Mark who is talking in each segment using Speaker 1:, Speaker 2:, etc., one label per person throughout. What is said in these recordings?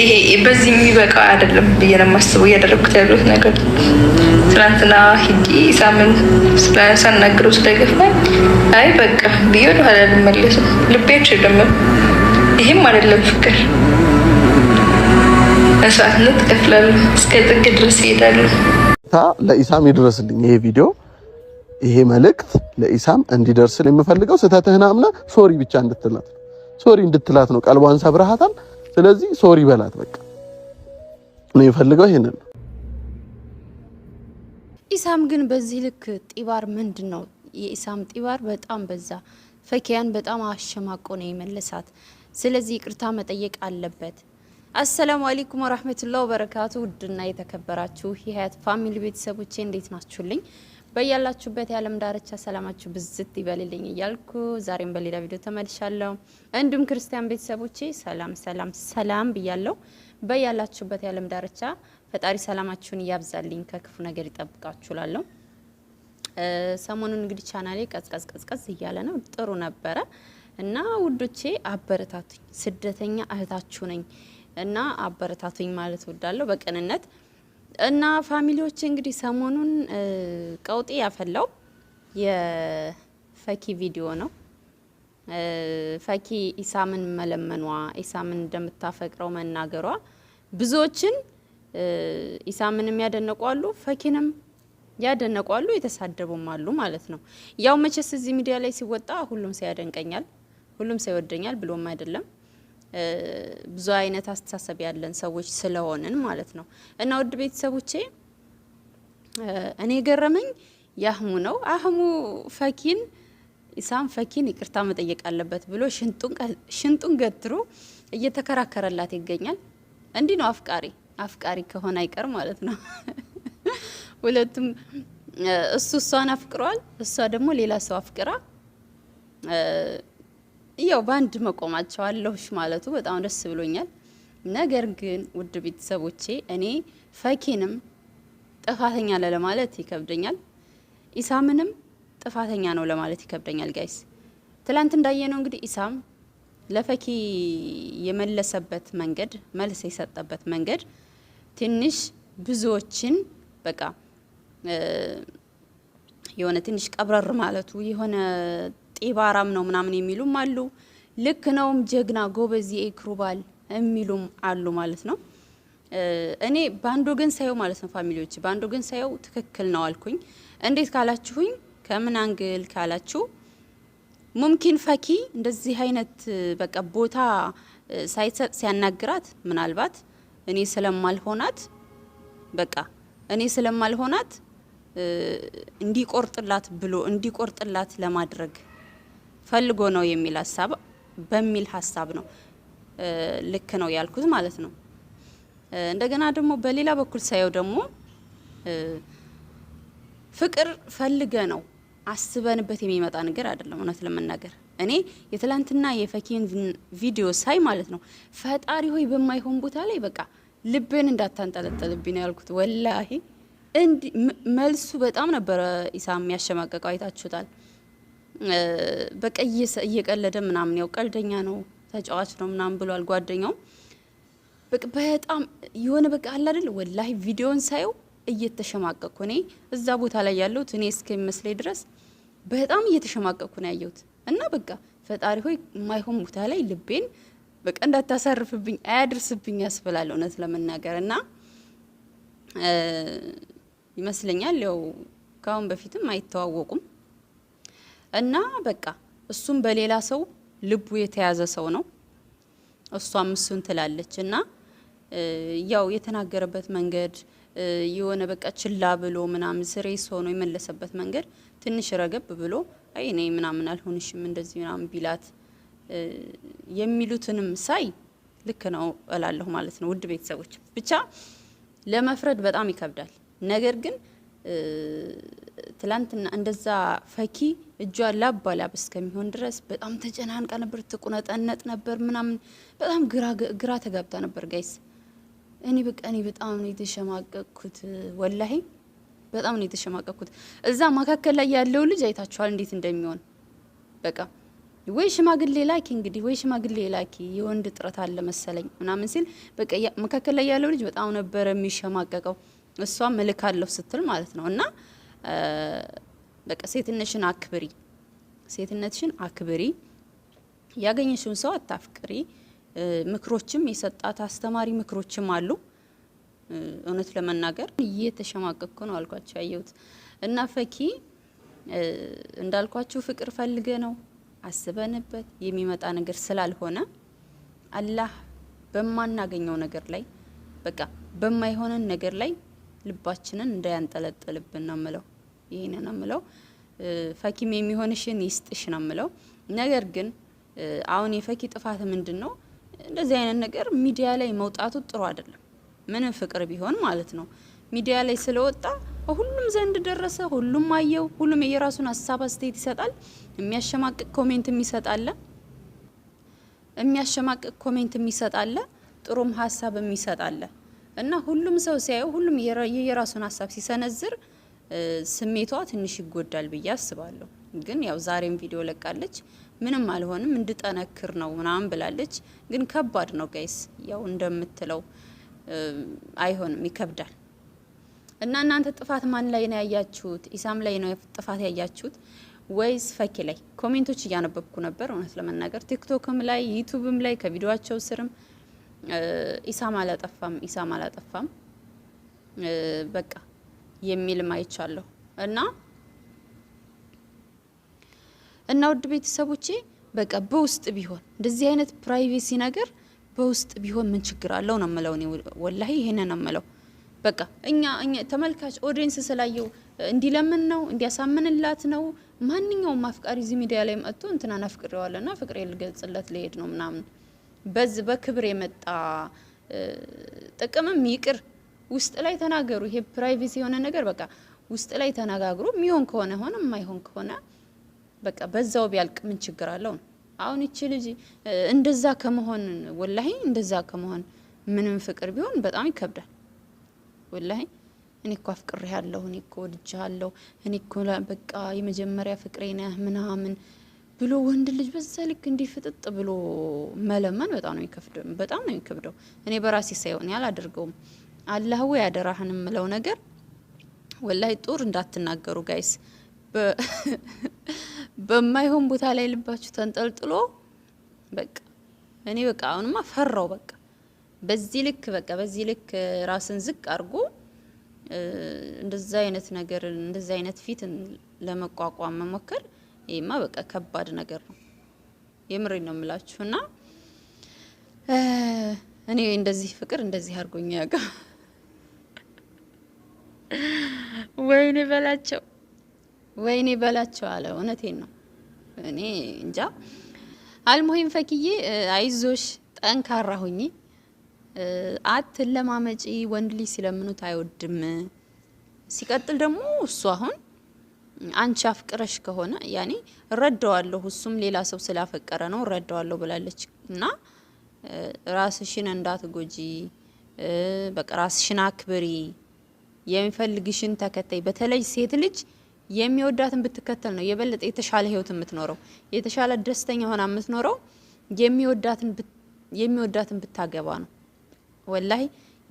Speaker 1: ይሄ በዚህ የሚበቃ አይደለም ብዬ ነው የማስበው። እያደረጉት ያሉት ነገር ትናንትና ሂጂ ሳምን ሳናግረው ስለገፋኝ አይ በቃ ብዬ ወደኋላ ልመለስም ልቤ አይችልምም። ይህም አይደለም ፍቅር። መስዋዕትነት ከፍላሉ እስከ ጥግ ድረስ እሄዳለሁ።
Speaker 2: ለኢሳም ይድረስልኝ ይሄ ቪዲዮ ይሄ መልእክት ለኢሳም እንዲደርስል የምፈልገው ስህተትህን አምና ሶሪ ብቻ እንድትላት ሶሪ እንድትላት ነው። ቀልቧን ሰብረሃታል። ስለዚህ ሶሪ በላት በቃ ነው የፈልገው። ይሄንን
Speaker 1: ኢሳም ግን በዚህ ልክ ጢባር ምንድን ነው የኢሳም ጢባር በጣም በዛ። ፈኪያን በጣም አሸማቆ ነው የመለሳት። ስለዚህ ይቅርታ መጠየቅ አለበት። አሰላሙ አለይኩም ወራህመቱላሂ ወበረካቱ። ውድና የተከበራችሁ የሀያት ፋሚሊ ቤተሰቦቼ እንዴት ናችሁልኝ? በያላችሁበት የዓለም ዳርቻ ሰላማችሁ ብዝት ይበልልኝ እያልኩ ዛሬም በሌላ ቪዲዮ ተመልሻለሁ። እንዲሁም ክርስቲያን ቤተሰቦቼ ሰላም ሰላም ሰላም ብያለሁ። በያላችሁበት የዓለም ዳርቻ ፈጣሪ ሰላማችሁን እያብዛልኝ ከክፉ ነገር ይጠብቃችሁ ላለሁ። ሰሞኑን እንግዲህ ቻናሌ ቀዝቀዝ ቀዝቀዝ እያለ ነው። ጥሩ ነበረ እና ውዶቼ አበረታቱኝ። ስደተኛ እህታችሁ ነኝ እና አበረታቱኝ ማለት ወዳለሁ በቅንነት እና ፋሚሊዎች እንግዲህ ሰሞኑን ቀውጤ ያፈላው የፈኪ ቪዲዮ ነው። ፈኪ ኢሳምን መለመኗ፣ ኢሳምን እንደምታፈቅረው መናገሯ ብዙዎችን ኢሳምንም ያደነቋሉ፣ ፈኪንም ያደነቋሉ፣ የተሳደቡም አሉ ማለት ነው። ያው መቼስ እዚህ ሚዲያ ላይ ሲወጣ ሁሉም ሰው ያደንቀኛል፣ ሁሉም ሰው ይወደኛል ብሎም አይደለም ብዙ አይነት አስተሳሰብ ያለን ሰዎች ስለሆንን ማለት ነው። እና ውድ ቤተሰቦቼ እኔ ገረመኝ የአህሙ ነው። አህሙ ፈኪን ኢሳም ፈኪን ይቅርታ መጠየቅ አለበት ብሎ ሽንጡን ገትሮ እየተከራከረላት ይገኛል። እንዲህ ነው አፍቃሪ አፍቃሪ ከሆነ አይቀር ማለት ነው። ሁለቱም እሱ እሷን አፍቅሯል፣ እሷ ደግሞ ሌላ ሰው አፍቅራ ያው በአንድ አለሁሽ ማለቱ በጣም ደስ ብሎኛል። ነገር ግን ውድ ቤተሰቦቼ እኔ ፈኪንም ጥፋተኛ ለማለት ይከብደኛል፣ ኢሳምንም ጥፋተኛ ነው ለማለት ይከብደኛል። ጋይስ ትላንት እንዳየነው እንግዲህ ኢሳም ለፈኪ የመለሰበት መንገድ መልስ የሰጠበት መንገድ ትንሽ ብዙዎችን በቃ የሆነ ትንሽ ቀብረር ማለቱ የሆነ ጤባ ነው ምናምን የሚሉም አሉ። ልክ ነውም ጀግና ጎበዝ የኤክሩባል የሚሉም አሉ ማለት ነው። እኔ በአንድ ግን ሳየው ማለት ነው ፋሚሊዎች፣ በአንድ ግን ሳየው ትክክል ነው አልኩኝ። እንዴት ካላችሁኝ ከምን አንግል ካላችሁ ሙምኪን ፈኪ እንደዚህ አይነት በቃ ቦታ ሳይሰጥ ሲያናግራት ምናልባት እኔ ስለማልሆናት በቃ እኔ ስለማልሆናት እንዲቆርጥላት ብሎ እንዲቆርጥላት ለማድረግ ፈልጎ ነው የሚል ሀሳብ በሚል ሀሳብ ነው ልክ ነው ያልኩት ማለት ነው። እንደገና ደግሞ በሌላ በኩል ሳየው ደግሞ ፍቅር ፈልገ ነው አስበንበት የሚመጣ ነገር አይደለም። እውነት ለመናገር እኔ የትላንትና የፈኪን ቪዲዮ ሳይ ማለት ነው ፈጣሪ ሆይ በማይሆን ቦታ ላይ በቃ ልብን እንዳታንጠለጠልብኝ ነው ያልኩት። ወላሂ እንዲ መልሱ በጣም ነበረ ኢሳም ያሸማቀቀው አይታችሁታል። በቃ እየቀለደ ምናምን ያው ቀልደኛ ነው ተጫዋች ነው ምናምን ብሏል ጓደኛው። በጣም የሆነ በቃ አለ አይደል ወላሂ ቪዲዮን ሳየው እየተሸማቀቅኩ እኔ እዛ ቦታ ላይ ያለሁት እኔ እስከሚመስለኝ ድረስ በጣም እየተሸማቀኩ ነው ያየሁት። እና በቃ ፈጣሪ ሆይ የማይሆን ቦታ ላይ ልቤን በቃ እንዳታሳርፍብኝ አያድርስብኝ ያስብላል እውነት ለመናገር እና ይመስለኛል ያው ከአሁን በፊትም አይተዋወቁም እና በቃ እሱም በሌላ ሰው ልቡ የተያዘ ሰው ነው። እሷም እሱን ትላለች እና ያው የተናገረበት መንገድ የሆነ በቃ ችላ ብሎ ምናምን ስሬስ ሆኖ የመለሰበት መንገድ ትንሽ ረገብ ብሎ አይ እኔ ምናምን አልሆንሽም እንደዚህ ምናምን ቢላት የሚሉትንም ሳይ ልክ ነው እላለሁ ማለት ነው። ውድ ቤተሰቦች ብቻ ለመፍረድ በጣም ይከብዳል። ነገር ግን ትላንትና እንደዛ ፈኪ እጇ ላብ ላብ እስከሚሆን ድረስ በጣም ተጨናንቃ ነበር፣ ትቁነጠነጥ ነበር ምናምን በጣም ግራ ተጋብታ ነበር። ጋይስ እኔ በቃ እኔ በጣም ነው የተሸማቀቅኩት፣ ወላሂ በጣም ነው የተሸማቀቅኩት። እዛ መካከል ላይ ያለው ልጅ አይታችኋል እንዴት እንደሚሆን በቃ ወይ ሽማግሌ ላኪ እንግዲህ ወይ ሽማግሌ ላኪ የወንድ ጥረት አለ መሰለኝ ምናምን ሲል በቃ መካከል ላይ ያለው ልጅ በጣም ነበረ የሚሸማቀቀው። እሷም እልካለሁ ስትል ማለት ነው። እና በቃ ሴትነትሽን አክብሪ፣ ሴትነትሽን አክብሪ፣ ያገኘሽውን ሰው አታፍቅሪ። ምክሮችም የሰጣት አስተማሪ ምክሮችም አሉ። እውነት ለመናገር እየተሸማቀቅኩ ነው አልኳቸው ያየሁት እና ፈኪ እንዳልኳችሁ ፍቅር ፈልገ ነው አስበንበት የሚመጣ ነገር ስላልሆነ አላህ በማናገኘው ነገር ላይ በቃ በማይሆነን ነገር ላይ ልባችንን እንዳያንጠለጥልብን ነው ምለው። ይህን ነው ምለው። ፈኪም የሚሆንሽን ይስጥሽ ነው ምለው። ነገር ግን አሁን የፈኪ ጥፋት ምንድን ነው? እንደዚህ አይነት ነገር ሚዲያ ላይ መውጣቱ ጥሩ አይደለም። ምንም ፍቅር ቢሆን ማለት ነው ሚዲያ ላይ ስለወጣ ሁሉም ዘንድ ደረሰ፣ ሁሉም አየው፣ ሁሉም የራሱን ሀሳብ አስተያየት ይሰጣል። የሚያሸማቅቅ ኮሜንት የሚሰጣለ የሚያሸማቅቅ ኮሜንት የሚሰጣለ ጥሩም ሀሳብ ይሰጣለ። እና ሁሉም ሰው ሲያየው ሁሉም የየራሱን ሀሳብ ሲሰነዝር ስሜቷ ትንሽ ይጎዳል ብዬ አስባለሁ። ግን ያው ዛሬም ቪዲዮ ለቃለች፣ ምንም አልሆንም እንድጠነክር ነው ምናምን ብላለች። ግን ከባድ ነው ጋይስ፣ ያው እንደምትለው አይሆንም፣ ይከብዳል። እና እናንተ ጥፋት ማን ላይ ነው ያያችሁት? ኢሳም ላይ ነው ጥፋት ያያችሁት ወይስ ፈኪ ላይ? ኮሜንቶች እያነበብኩ ነበር እውነት ለመናገር ቲክቶክም ላይ ዩቱብም ላይ ከቪዲዮቸው ስርም ኢሳም አላጠፋም ኢሳም አላጠፋም በቃ የሚልም አይቻለሁ። እና እና ውድ ቤተሰቦቼ በቃ በውስጥ ቢሆን እንደዚህ አይነት ፕራይቬሲ ነገር በውስጥ ቢሆን ምን ችግር አለው ነው የምለው። እኔ ወላሂ ይሄን ነው የምለው። በቃ እኛ እኛ ተመልካች ኦዲየንስ ስላየው እንዲለምን ነው እንዲያሳምንላት ነው። ማንኛውም አፍቃሪ እዚህ ሚዲያ ላይ መጥቶ እንትና ናፍቅሬዋለሁ ፍቅሬ ልገልጽለት ልሄድ ነው ምናምን በዚህ በክብር የመጣ ጥቅምም ይቅር ውስጥ ላይ ተናገሩ። ይሄ ፕራይቬሲ የሆነ ነገር በቃ ውስጥ ላይ ተነጋግሩ የሚሆን ከሆነ ሆነ፣ የማይሆን ከሆነ በቃ በዛው ቢያልቅ ምን ችግር አለው ነው። አሁን ይቺ ልጅ እንደዛ ከመሆን ወላሂ እንደዛ ከመሆን ምንም ፍቅር ቢሆን በጣም ይከብዳል ወላሂ። እኔ እኮ አፍቅሬ ያለሁ እኔ እኮ ወድጃለሁ እኔ እኮ በቃ የመጀመሪያ ፍቅሬ ነህ ምናምን ብሎ ወንድ ልጅ በዛ ልክ እንዲህ ፍጥጥ ብሎ መለመን በጣም ነው የሚከብደው፣ በጣም ነው የሚከብደው። እኔ በራሴ ሳይሆን አላደርገውም። አላህ ወይ አደራህን የምለው ነገር ወላይ ጦር እንዳትናገሩ ጋይስ። በማይሆን ቦታ ላይ ልባችሁ ተንጠልጥሎ በቃ እኔ በቃ አሁንማ ፈራው በቃ በዚህ ልክ በቃ በዚህ ልክ ራስን ዝቅ አድርጎ እንደዛ አይነት ነገር እንደዛ አይነት ፊትን ለመቋቋም መሞከር ይሄማ በቃ ከባድ ነገር ነው። የምሬ ነው የምላችሁና እኔ እንደዚህ ፍቅር እንደዚህ አድርጎኝ ያውቃል። ወይኔ በላቸው ወይኔ በላቸው አለ። እውነቴን ነው። እኔ እንጃ አልሙሂም ፈክዬ፣ አይዞሽ ጠንካራ ሁኚ፣ አትለማመጪ። ወንድ ልጅ ሲለምኑት አይወድም። ሲቀጥል ደግሞ እሱ አሁን አንቺ አፍቅረሽ ከሆነ ያኔ እረዳዋለሁ፣ እሱም ሌላ ሰው ስላፈቀረ ነው እረዳዋለሁ ብላለች እና ራስሽን እንዳትጎጂ በቃ ራስሽን አክብሪ፣ የሚፈልግሽን ተከታይ። በተለይ ሴት ልጅ የሚወዳትን ብትከተል ነው የበለጠ የተሻለ ህይወት የምትኖረው የተሻለ ደስተኛ ሆና የምትኖረው የሚወዳትን ብታገባ ነው። ወላይ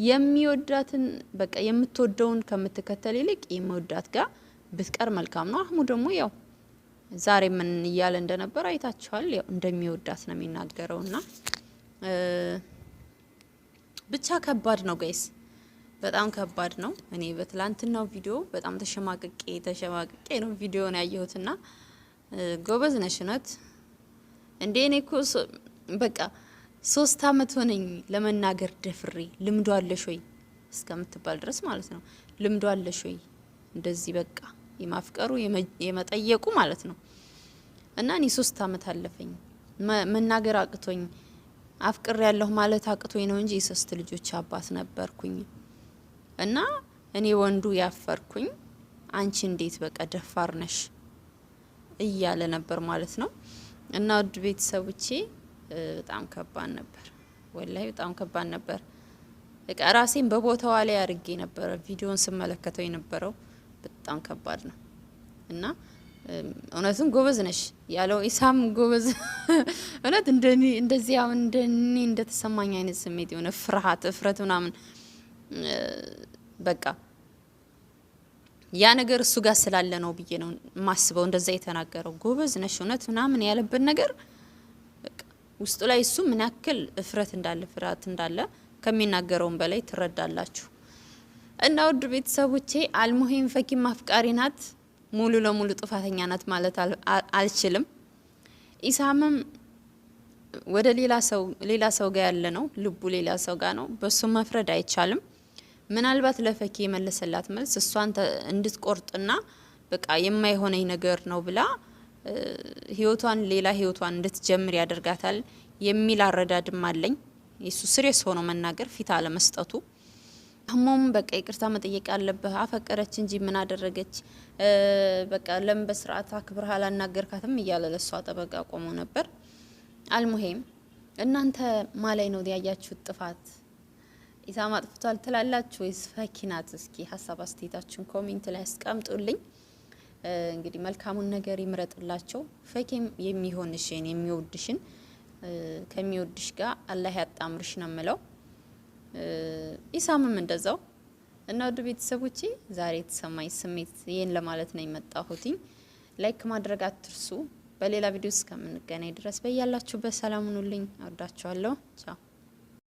Speaker 1: የሚወዳትን በቃ የምትወደውን ከምትከተል ይልቅ የሚወዳት ጋር ብትቀር መልካም ነው። አህሙ ደግሞ ያው ዛሬ ምን እያለ እንደነበር አይታችኋል። ያው እንደሚወዳት ነው የሚናገረው እና ብቻ ከባድ ነው ጋይስ፣ በጣም ከባድ ነው። እኔ በትላንትናው ቪዲዮ በጣም ተሸማቅቄ ተሸማቅቄ ነው ቪዲዮን ያየሁትና ጎበዝ ነሽ እውነት እንዴ! እኔ እኮ በቃ ሶስት አመት ሆነኝ ለመናገር ደፍሬ። ልምዷለሽ ወይ እስከምትባል ድረስ ማለት ነው። ልምዷለሽ ወይ እንደዚህ በቃ የማፍቀሩ የመጠየቁ ማለት ነው። እና እኔ ሶስት አመት አለፈኝ መናገር አቅቶኝ አፍቅር ያለሁ ማለት አቅቶኝ ነው እንጂ የሶስት ልጆች አባት ነበርኩኝ። እና እኔ ወንዱ ያፈርኩኝ አንቺ እንዴት በቃ ደፋር ነሽ እያለ ነበር ማለት ነው። እና ውድ ቤተሰቦቼ በጣም ከባድ ነበር፣ ወላሂ በጣም ከባድ ነበር። ራሴን በቦታዋ ላይ አድርጌ ነበረ ቪዲዮን ስመለከተው የነበረው በጣም ከባድ ነው እና እውነቱም ጎበዝ ነሽ ያለው ኢሳም ጎበዝ እውነት እንደዚህ አሁን እንደኔ እንደተሰማኝ አይነት ስሜት የሆነ ፍርሃት፣ እፍረት ምናምን በቃ ያ ነገር እሱ ጋር ስላለ ነው ብዬ ነው የማስበው። እንደዛ የተናገረው ጎበዝ ነሽ እውነት ምናምን ያለበት ነገር ውስጡ ላይ እሱ ምን ያክል እፍረት እንዳለ ፍርሃት እንዳለ ከሚናገረውም በላይ ትረዳላችሁ። እና ውድ ቤተሰቦቼ አልሙሄም ፈኪም አፍቃሪ ናት። ሙሉ ለሙሉ ጥፋተኛ ናት ማለት አልችልም። ኢሳምም ወደ ሌላ ሰው ሌላ ሰው ጋር ያለ ነው፣ ልቡ ሌላ ሰው ጋር ነው። በሱ መፍረድ አይቻልም። ምናልባት ለፈኪ የመለሰላት መልስ እሷን እንድትቆርጥና በቃ የማይሆነኝ ነገር ነው ብላ ህይወቷን ሌላ ህይወቷን እንድትጀምር ያደርጋታል የሚል አረዳድም አለኝ። የሱ ስሬስ ሆኖ መናገር ፊት አለመስጠቱ አሞም በቃ ይቅርታ መጠየቅ አለብህ። አፈቀረች እንጂ ምን አደረገች? በቃ ለምን በስርዓት አክብረህ አላናገርካትም? እያለ ለሷ ጠበቃ ቆሞ ነበር። አልሙሄም እናንተ ማላይ ነው ያያችሁት ጥፋት ኢሳም አጥፍቷል ትላላችሁ ወይስ ፈኪናት? እስኪ ሀሳብ አስተያየታችሁን ኮሜንት ላይ አስቀምጡልኝ። እንግዲህ መልካሙን ነገር ይምረጥላቸው። ፈኪም የሚሆንሽን የሚወድሽን ከሚወድሽ ጋር አላህ ያጣምርሽ ነው ምለው ኢሳምም እንደዛው እና ውድ ቤተሰቦቼ ዛሬ የተሰማኝ ስሜት ይህን ለማለት ነው የመጣሁትኝ። ላይክ ማድረግ አትርሱ። በሌላ ቪዲዮ እስከምንገናኝ ድረስ በያላችሁበት ሰላም ሁኑልኝ። አወዳችኋለሁ። ቻው